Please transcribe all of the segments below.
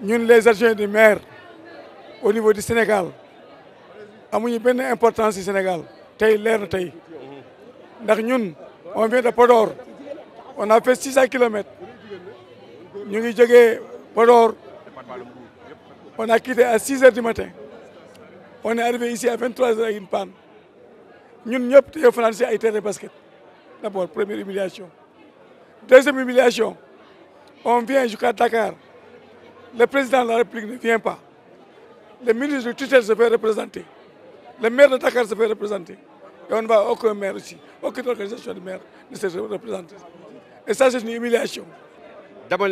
ñun les adjoints du maire au niveau du Sénégal amuñu benn importance ci Sénégal tey leer na tey ndax ñun on vient de Podor on a fait a kilomètres ñu ngi jógee Podor on a quitté à 6 heures du matin on est arrivé ici à 23 heures ak une panne ñun ñëpp tey fanaan ci ay terrain basket. d'abord, première humiliation. Deuxième humiliation, on vient jusqu'à Dakar. Le président de la République ne vient pas. Le ministre de tutelle se fait représenter. Le maire de Dakar se fait représenter. Et on ne va aucun maire ici. Aucune organisation de maire ne se représente. Et ça, c'est une humiliation. D'abord,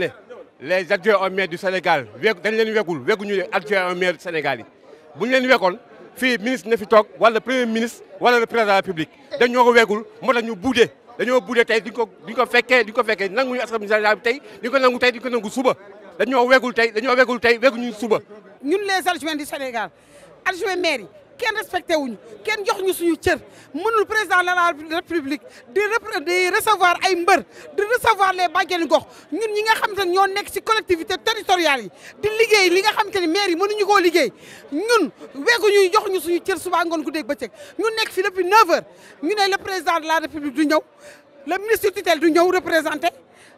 les adjoints au maire du Sénégal, nous ne sommes pas adjoints au maire du Sénégal. Si nous fii ministre na fi toog wala premier ministre wala le président de la République dañoo ko weegul ñu buudee dañoo bude tey di ko di ko fekkee di ko fekkee nanguñu assemblée générale bi tey di ko nangu tey di ko nangu suba dañoo weegul tey dañoo weegul tey ñu suba ñun les adjoints du Sénégal adjoint maire yi kenn respecté wuñu kenn jox ñu suñu cër mënul président de la république di di ay mbër di recevoir les bàjjenu gox ñun ñi nga xam te ne ñoo nekk ci collectivité territoriale yi di liggéey li nga xam te ne maire yi mënuñu koo liggéey ñun weegu ñuy jox ñu suñu cër suba ngoon guddeeg bëccëg ñu nekk fi depuis 9 heures ñu ne le président de la république du ñëw le ministre tutelle du ñëw représenté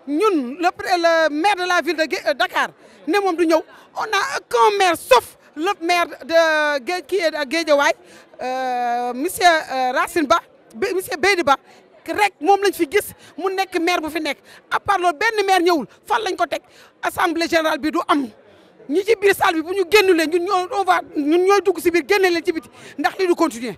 ñun le maire de la ville de euh, Dakar ne moom du ñëw on a aucun maire sauf le maire de Gué qui est à Guédiawaye euh, monsieur euh, Racine Ba monsieur Beydi Ba rek moom lañ fi gis mu nekk maire bu fi nekk à part benn maire ñëwul fan lañ ko teg assemblée générale bi du am ñi ci biir salle bi bu ñu génnulee ñun ñoo on va ñun ñooy dugg si biir génne leen ci biti ndax li du continuer